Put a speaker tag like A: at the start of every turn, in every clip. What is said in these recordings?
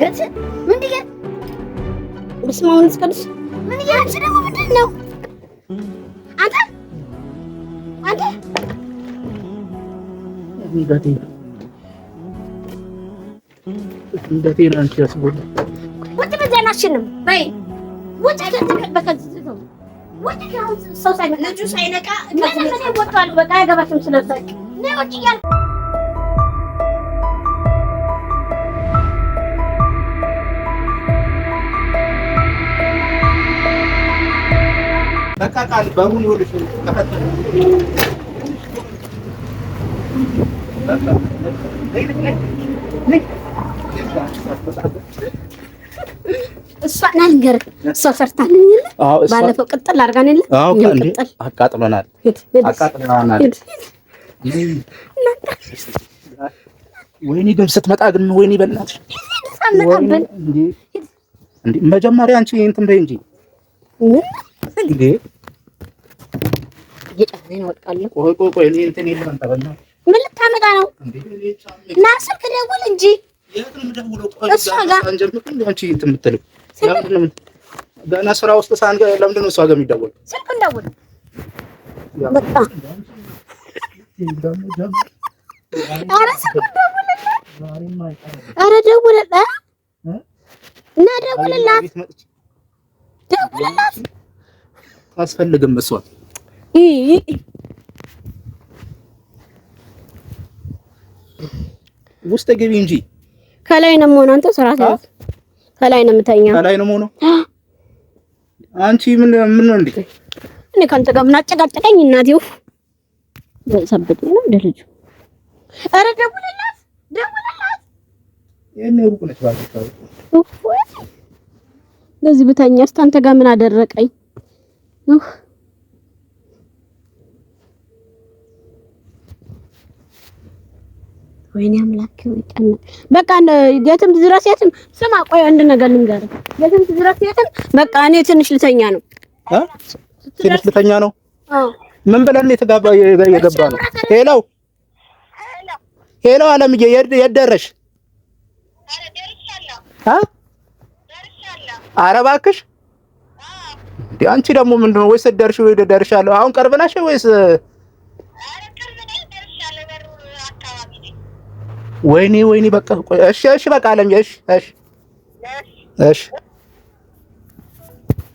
A: ድንገት ምን ድንገት ብስመ አብ ወመንፈስ ቅዱስ ምን እያልሽ ደግሞ ምንድን ነው አንተ አንተ
B: ነው አንቺ ያስጎል
A: ወጥ በዘናሽንም በይ ወጭ ሰው ሳይመጣ ልጁ ሳይነቃ ወጥቷል። በቃ አያገባሽም ስለዛ ነው እያልኩ
B: በቃ ቃል በሙሉ ይኸውልሽ
A: እሷ ናልንገር እሷ ሰርታል ባለፈው ቅጥል አድርጋን የለ
B: ቅጥል አቃጥሎናል አቃጥሎናል። ወይኔ ግን ስትመጣ ግን ወይኔ በእናትሽ መጀመሪያ አንቺ እንትን በይ እንጂ እንዴ እየጨፈነኝ ነው እወድቃለሁ። ቆይ
A: ምን ልታመጣ ነው? ና ስልክ ደውል እንጂ
B: ገና ስራ ውስጥ ሳን ለምንድን ነው እሷ ጋር የሚደወል?
A: ስልክ እንደውል በቃ ኧረ ስልክ ደውልላት እና ደውልላት፣ ደውልላት
B: አያስፈልግም መስዋዕት ውስጥ ግቢ እንጂ
A: ከላይ ነው የምሆነው። አንተ ስራት ነው ከላይ ነው የምተኛው።
B: ከላይ ነው የምሆነው። አንቺ ምን ምን ነው እንዴ?
A: እኔ ካንተ ጋር ምን አጨቃጨቀኝ? እናቴው ሰበት ነው እንደ አረ ኧረ ደውልላት፣ ደውልላት።
B: የኔ ሩቁ ነች ባልከው።
A: ለዚህ ብተኛስ አንተ ጋር ምን አደረቀኝ? ነው። ወይኔ አምላክ ይጠነቅ። በቃ የትም ድረስ የትም። ስማ ቆይ አንድ ነገር ልንገርህ። የትም ድረስ የትም። በቃ እኔ ትንሽ ልተኛ ነው።
B: ትንሽ ልተኛ ነው። ምን ብለን የተጋባ የገባ ነው? ሄሎ ሄሎ፣ አለምዬ የት ደረሽ? አ እባክሽ እንዴ አንቺ ደግሞ ምንድን ነው ወይስ ደርሽ ወይ ደርሻለሁ። አሁን ቀርበናሽ ወይስ? ወይኔ ወይኔ፣ በቃ እሺ፣ እሺ፣ በቃ አለም፣ እሺ፣ እሺ፣ እሺ።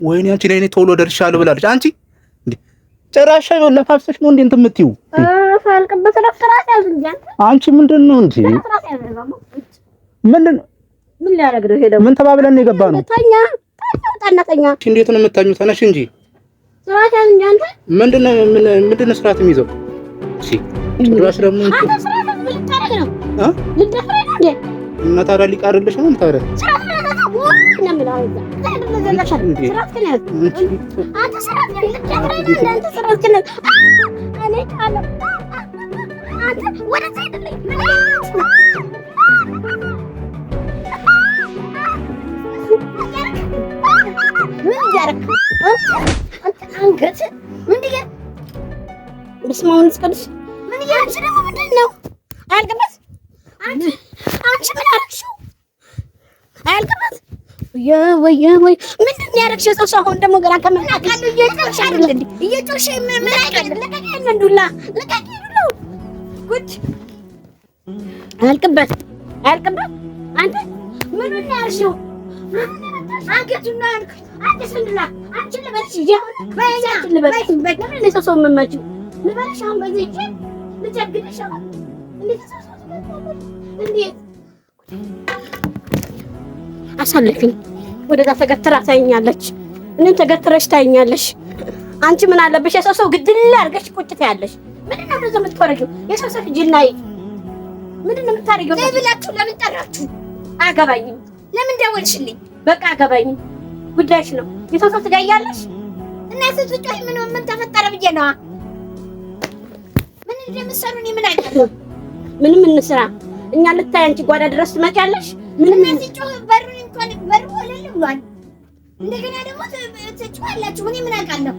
B: ወይኔ አንቺ ላይ እኔ ቶሎ ደርሻለሁ ብላለች። አንቺ እንዴ ነው ለፋፍሰሽ ነው እንዴ እንትን የምትይው? አንቺ ምንድን ነው እንዴ? ምንድን ነው ምን ተባብለን ነው የገባ ነው ቀነጠኛ እንዴት ነው የምታኙ? ተነሽ እንጂ
A: ስርዓት ያዝ እንጂ አንተ።
B: ምንድን ነው ምንድን ስርዓት የሚይዘው? እሺ ጭራሽ ደግሞ
A: አንተ ስርዓት ልታረግ ነው እ ልትደፍረኝ ነው እንዴ?
B: እና ታዲያ ሊቃርልሽ ነው የምታረግ?
A: ስርዓት ምን እያደረክ አንተ አንገት ምን ይያ ብስመ አብ ቅዱስ ምን እያደረግሽ ደግሞ ምንድን ነው? አያልቅበት አንቺ ምን አደረግሽው? አያልቅበት ወየ ወይ ምንድን ነው ያደረግሽው? ሰው አሁን ደግሞ ገና ከመናቀሉ እየጮሽ አይደል እንዴ? እየጮሽ ምን አይደል? ለቀቀኝ እንዱላ ለቀቀኝ እንዱላ ጉድ አያልቅበት አያልቅበት አንተ ምን ምን ያርሽው አንገቱን ነው ያልኩት አዲስ አሳልፊኝ ወደዛ ተገትራ ታይኛለች እኔም ተገትረሽ ታይኛለሽ አንቺ ምን አለብሽ የሰው ሰው ግድል አድርገሽ ቁጭ ትያለሽ ምንድን ነው እንደዚያ የሰው ሰው ምንድን ነው የምታደርጊው ብላችሁ ለምን ጠራችሁ አገባኝም ለምን ደወልሽልኝ በቃ አገባኝም ጉዳይሽ ነው። የሰው ሰው ትጋያለሽ እና የሰው ጮህ ምን ምን ተፈጠረ ብዬ ነዋ። ምን እንደምትሰሩ እኔ ምን አውቃለሁ? ምንም እንስራ እኛ ልታይ አንቺ ጓዳ ድረስ ትመጪያለሽ። ምንም እዚህ ጮህ በሩን እንኳን በሩ ወለል ብሏል። እንደገና ደግሞ ትጮሃላችሁ። እኔ ምን አውቃለሁ?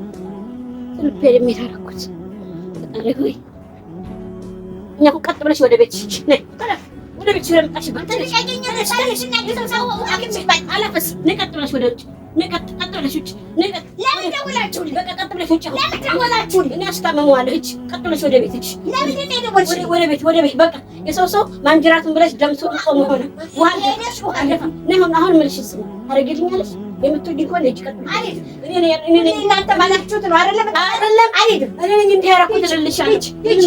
A: ልቤ ደም የታረኩት ፈጣሪ ሆይ እኛ እኮ ቀጥ ብለሽ ወደ ቤት ቤትሽ ነ ወደ ቤት ሽረምጣሽ ባንተ ልጅ ያገኛለሽ ታለሽ እና ግዘው ሰው አክምሽ ባይ አላፈስ ነቀጥ ብለሽ ወደ ውጭ ንቀጥ ቀጥ ብለሽ ውጭ ንቀጥ። የሰው ሰው ማንጅራቱን ብለሽ ደምሶ ቆሞ ሆነ። ውሃ አሁን ምልሽ ስም አረግልኛለሽ የምትወጂኝ ከሆነ እጅ እናንተ ባላችሁት ነው አይደለም አይደለም። እኔ እንዲህ ያደረኩት ልልሻለሁ። እች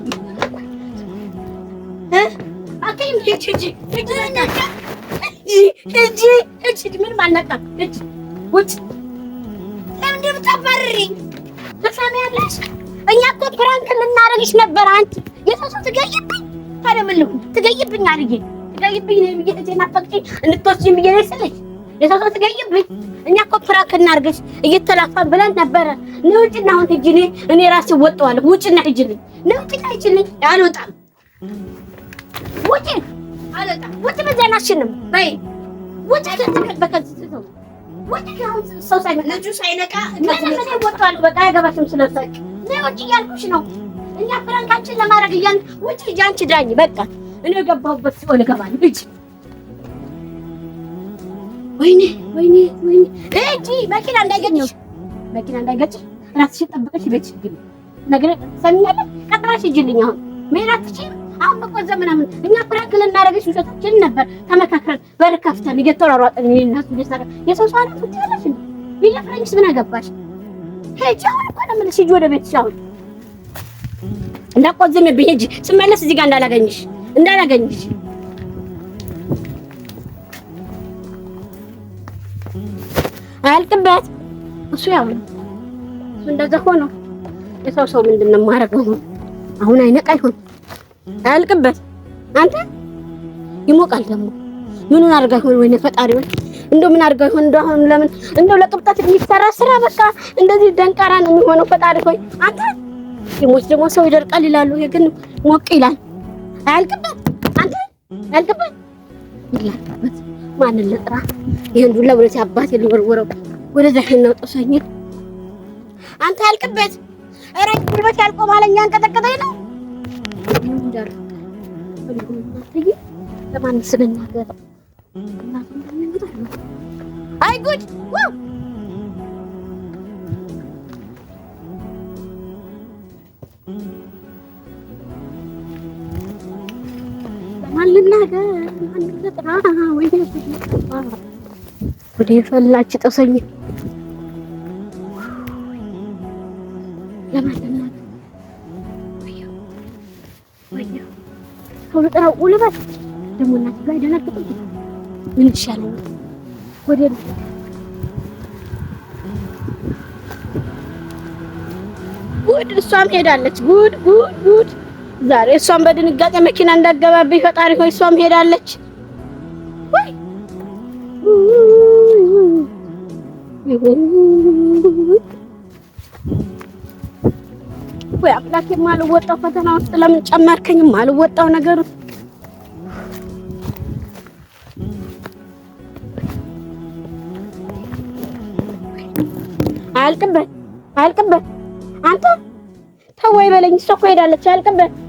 A: እጅ እጅ እኛ እኮ ፕራንክ ልናደርግሽ ነበር። አንቺ የሰው ሰው ትገይብኝ። ታዲያ ምን ልሁን? ትገይብኝ አልዬ ትገይብኝ ነው ብዬሽ ልጄን አፈቅጪ እንድትወስጂኝ ብዬሽ ነው የስልሽ። የሰው ሰው ትገይብኝ። እኛ እኮ ፕራንክ እናድርግሽ እየተላፋን ብለን ነበረ። ነይ ውጭና አሁን ሂጂኔ እኔ ራሴ እወጣዋለሁ። ውጭና ሂጂልኝ። ነይ ውጭና ሂጂልኝ። አልወጣም። ውጭ ውጭ በዚህ አላሽንም። በይ ውጭ ሰው ልጁ ሳይነቃ ወጥቷል። በቃ አያገባሽም። ስለሳች እያልኩሽ ነው። እኛ ፍራንካችን ለማድረግ እያን ውጭ ሂጂ አንቺ ዳኝ። በቃ እኔ የገባሁበት ሲሆን እገባለሁ። ሂጂ። ወይኔ ወይኔ ወይኔ! ሂጂ መኪና እንዳይገጭሽ፣ መኪና እንዳይገጭሽ ራስሽን ጠብቀሽ ቤትሽ ግቢ። ነገር ሰሚኛለን። ቀጥራሽ ሂጂልኝ አሁን መሄድ አትችይም አሁን በቆዘ ምናምን እኛ ፕራንክ ልናደርግሽ ውሸታችን ነበር ተመካክረን በር ከፍተን እየተሯሯጥን እነሱ እየሰራ የሰው ሰው አለ ፍት ያለሽ ይሄ ምን አገባሽ? ሄጂ አሁን እኮ ነው የምልሽ ሂጂ ወደ ቤትሽ አሁን እንዳቆዘምብኝ ሂጂ። ስመለስ እዚህ ጋር እንዳላገኝሽ እንዳላገኝሽ አያልቅበት እሱ ያው እሱ እንደዛ ሆኖ የሰው ሰው ምንድን ነው የማደርገው አሁን አይነቃ ይሆን አያልቅበት። አንተ ይሞቃል ደግሞ ምኑን አድርጋ ይሆን? ወይ ፈጣሪ ወይ እንደው ምን አድርጋ ይሆን? እንደው አሁን ለምን እንደው ለቅብጠት የሚሰራ ስራ በቃ እንደዚህ ደንቃራ ነው የሚሆነው። ፈጣሪ ሆይ አንተ ሲሞች ደግሞ ሰው ይደርቃል ይላሉ። ይሄ ግን ሞቅ ይላል። አያልቅበት አንተ አያልቅበት። ልጥራ? ይሄን አባቴ ልወርወረው ወደዛ ነው አንተ አያልቅበት። ኧረ ጉልበት ማለኛ አንቀጠቀጠኝ ነው ለማን ስለናገር አይ ጉድ ወደ የፈላች ለማን እስካሁን ጠራው ውልበት ደግሞ እናት ጋር አይደነግጥም። ምን ይሻለኝ ወደ ጉድ እሷም ሄዳለች። ጉድ ጉድ ጉድ! ዛሬ እሷም በድንጋጤ መኪና እንዳገባብኝ ፈጣሪ ሆይ፣ እሷም ሄዳለች። ወይ ወይ አምላኬ፣ የማልወጣው ፈተና ውስጥ ለምን ጨመርከኝ? የማልወጣው ነገር አያልቅበት፣ አያልቅበት። አንተ ተወይ በለኝ። እሷ እኮ ሄዳለች። አያልቅበት